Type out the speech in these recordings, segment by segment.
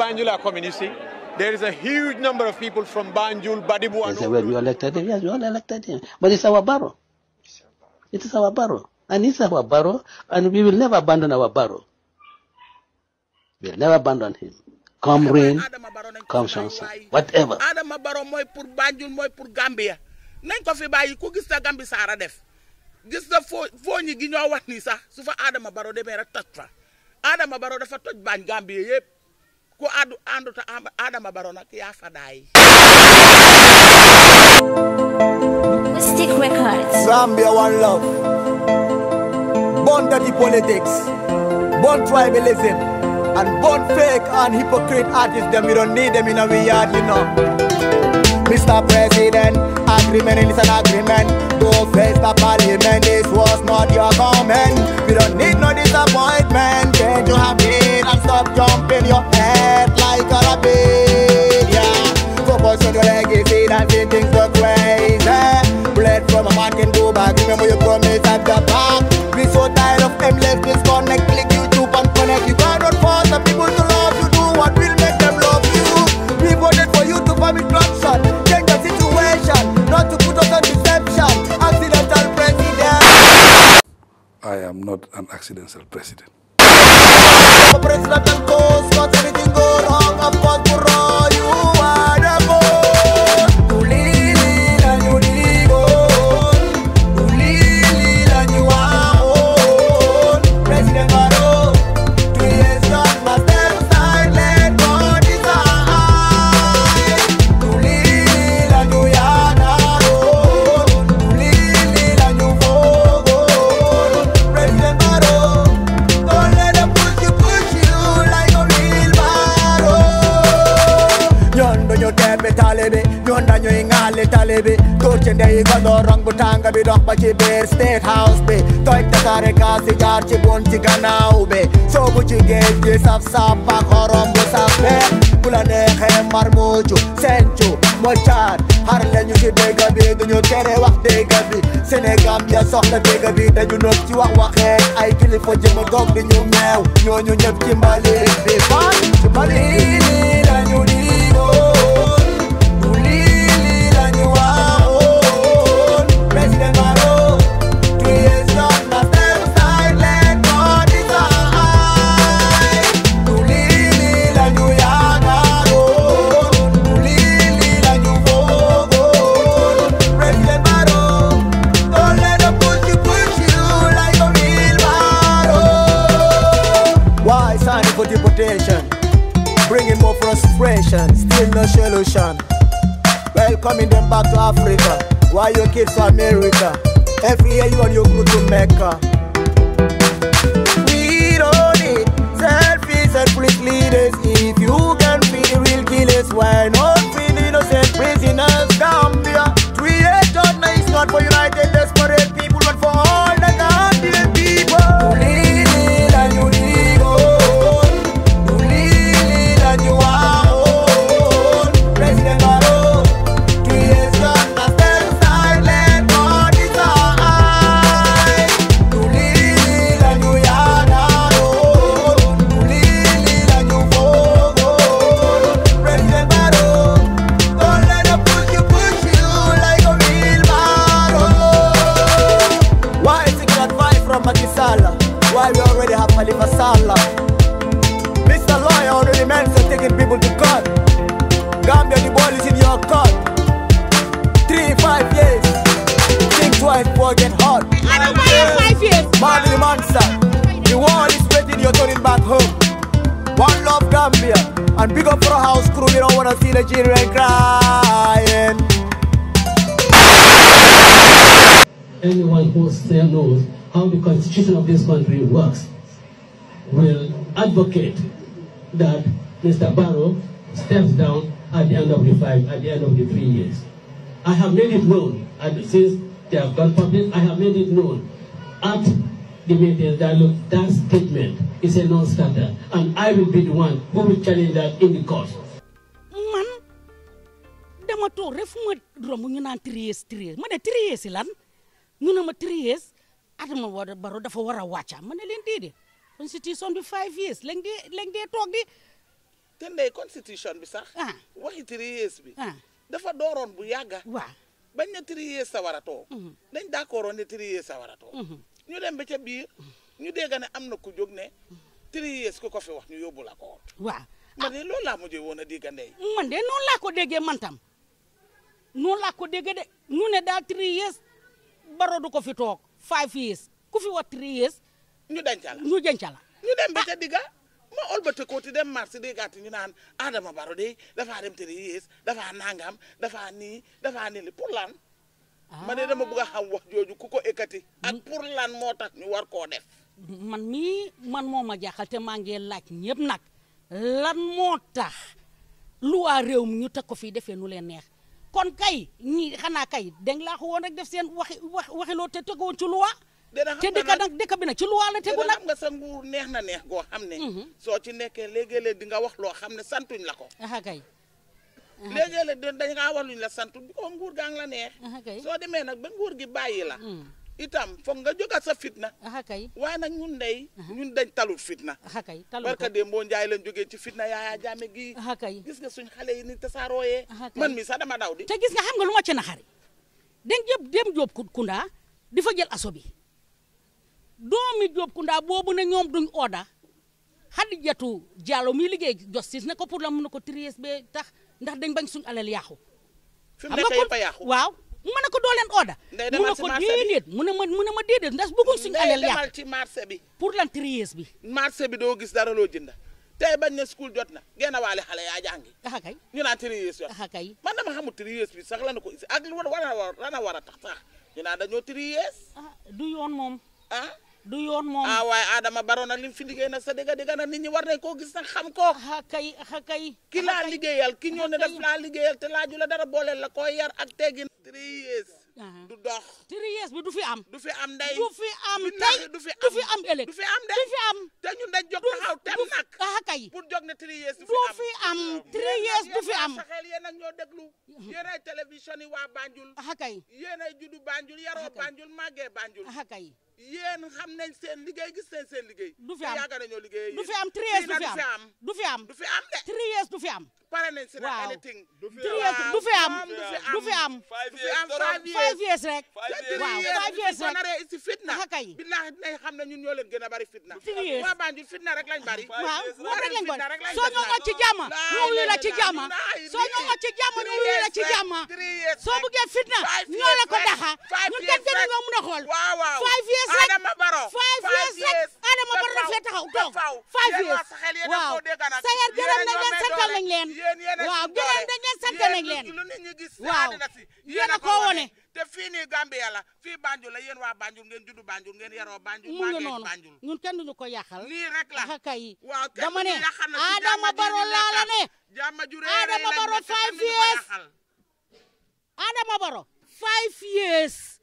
Banjul See, there is a huge number of people from Banjul, Badibu, and... They say, well, you elected him. Yes, you all elected him. But it's our barrow. It is our barrow. And it's our barrow, and we will never abandon our barrow. We'll never abandon him. Come rain, come sunshine, whatever. Adama Barrow mooy pour Banjul mooy pour Gambia nañ ko bayi bàyyi ku gis ta Gambi Saara def gis na foo foo ñi gi ñoo wax nii sax su fa Adama Barrow demee rek fa toj ko addu Mystic Records. Zambia one love. born dirty politics. born tribalism. And born fake and hypocrite artists. Them we don't need them in our yard, you know. Mr. President, agreement is an agreement. Don't face the parliament. This was not your comment. We don't need no disappointment. man can go back. Remember you promise at the back. We so tired of them left disconnect. Click YouTube and connect. You can't run for the people to love you. Do what will make them love you. We voted for you to commit corruption. Change the situation, not to put us on deception. Accidental president. I am not an accidental president. president and goes, everything go wrong, of course, wrong. talibi Turchin dei gado rong butanga bi rong bachi Bear State house be Toik takare kasi jar chi bun chi ganau be So buchi gate ji sap sap pak horom bu sap be Kulane khe marmuchu senchu mochar Har le nyu chi dega bi du nyu kere wak dega bi Senegam ya sok la dega bi da yu nok chi wak wak he Ay kili fo jima gog di nyu mew Nyu nyu nyep chi mbali bi Fan bali, bali bali la nyu ni fly your kids to America. Every year you and your crew to Mecca. We don't need selfies and police leaders. If you can be the real killers, why not? Salah. Mr. Lawyer already meant for taking people to court. Gambia, the ball is in your court. Three, five years. Think twice before get hot. I don't buy you five years. Marley monster. The wall is waiting, you're turning back home. One love Gambia. And big up for a house crew, you don't wanna see the children crying. Anyone who still knows how the constitution of this country works will advocate that Mr. Barrow steps down at the end of the five, at the end of the three years. I have made it known, and since they have gone public, I have made it known at the meeting that look, that statement is a non-starter, and I will be the one who will challenge that in the court. Man, dama toog rek fu ma romb ñu three years three years ma three years lan ñu ne three years Adama Barrow dafa war a wàcca ma ne leen déedéet constitution bi five years lañ dee lañ dee toog di. te ndey constitution bi sax. Ah. waxi three years bi. Ah. dafa dooroon bu yàgga waaw bañ ne three years sa war a mm-hmm. dañ d'accordoon ne three years war a toog. Mm-hmm. ñu dem ba ca biir ñu dégg ne am na ku jóg ne. Mm-hmm. three years ku ko fi wax ñu yóbbu la ko. waaw man ah. de loolu laa mujjee woon a dégg ndey. man de noonu laa ko déggee man tam laa ko déggee de ñu ne daal three years baro ko fi toog five years ku fi wax three years. ñu denc la ñu denc la ñu dem ba ah. ca digga ma olbatiko ti dem marché di gàtt ñu naan Adama Barrow de dafaa dem tëri yées dafaa nangam dafaa nii dafaa nii pour lan ma ne dama bëgg a xam wax jooju ku ko ekkati ak mm. pour lan moo ñu war koo def man mii man moo ma jaaxal te maa ngi laaj ñëpp nag lan moo tax luwaa réew mi ñu teg ko fii defee nu leen neex kon kay ñii xanaa kay deng laa ko rek def seen waxi wax waxiloo te tegoon ci luwaa te dëkk nag dëkk bi nag ci luwaa la tegu nag xam nga sa nguur neex na neex goo xam ne mhm. soo ci nekkee léegi-léeg di nga wax loo xam ne santuñ la ko kay léegi-léeg dañ ngaa wax luñ la santu bi ko nguur gaa ngi la neex soo demee nag ba nguur gi bàyyi la mhm. itam foog nga jógal sa fitna kay waaye nag ñun ndey ñun dañ talul fitna kay barka démb boo njaay lañ jógee ci fitna yaaya jaame gi kay gis nga suñ xale yi ni tasaarooyee man mi sax dama daw di te gis nga xam nga lu ma ci naxari dañ jëb dem jóob kunda di fa jël aso bi doomi Diop Kounda boobu ne ñoom duñ oda Hadijatu Diallo muy liggéey justice ne ko pour la mun na ko tries be tax ndax dañ bañ suñu alal yàqu xam nga ko waaw mën na ko doo leen oda mu ne ko déedéet mu ne ma mu ne ma déedéet ndax bëgguñ suñu alal yàqu demal ci marché bi pour lan tries bi marché bi doo gis dara loo jënd tey bañ na school jot na genn waale xale yaa jàngi axa kay ñu naan tries yot axa kay man dama xamul tries bi sax la na ko is ak war a war a tax sax ñu naan dañoo tries ah, du yoon moom ah du yoon moom ah waaye Adama Barrow nag li fi liggéey nag sa dëgg dëgg nag nit ñi war nañ koo gis nag xam ko. a kay xa kay. ki laa liggéeyal ki ñoo ne daf laa liggéeyal te laaju dara booleel la ko yar a teggin. three years. du dox. three years bi du fi am. du fi am ndey. du fi am tey du fi am du fi am du fi am ndey du te ñun dañ jóg taxaw tem nag. xa kay pour jóg ne three years. du fi am three years du fi am. yéen nag ñoo deglu yéen ay télévision yi waa Banjul. xa kay yéen ay juddu Banjul yaroo Banjul màggee Banjul. xa yéen xam nañ seen liggéey gis nañ seen liggéey. du fi am te liggéey. du fi am triees du fi du fi am. du fi am de. triees du fi am. pare nañ si rek. waaw du fi am du fi am. five years five years rek. waaw five years rek naree si fitna. kay billaahi dinañ xam ne ñun ñoo leen gën a bari fitna. soo ñu ci jàmm ñu wuli la ci jàmm soo ñu ngoon ci jàmm ñu wuli la ci jàmm soo buggee fitna ñoo la ko daxa ñun kenn gënu ñoo mën a xool. five years rek Adama waaw donc five years waaw Sayar gërëm nañ leen waaw gërëm nañ leen sant nañ leen waaw yéen a ko wone te fii nii Gambia la fii Banjul la yéen waa Banjul ngeen juddu Banjul ngeen yaroo Banjul mu ñun kenn duñu ko yàqal nii rek la Adama Barrow laa ne Adama Barrow five years Adama Barrow five years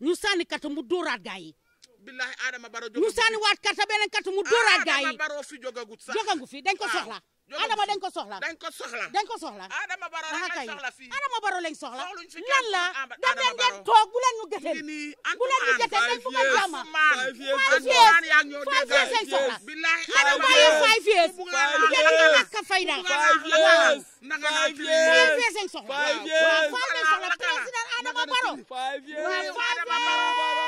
ñu sànni kat mu dóoraat gaa billahi Adama Barrow ñu sànniwaat carte beneen carte mu dóoraat gaa yi Adama Barrow fi jógagut sax jógagu fi dañ ko ah, soxla Adama dañ ko soxla dañ ko soxla dañ ko soxla Adama Barrow lañ soxla fii Adama Barrow lañ soxla lan la da ngeen ngeen toog bu leen ñu gëteel bu leen ñu gëteel dañ bëgg a jàmma five years lañ soxla billahi Adama Barrow five years yéen a nga na five years lañ years lañ soxla président Adama Barrow five years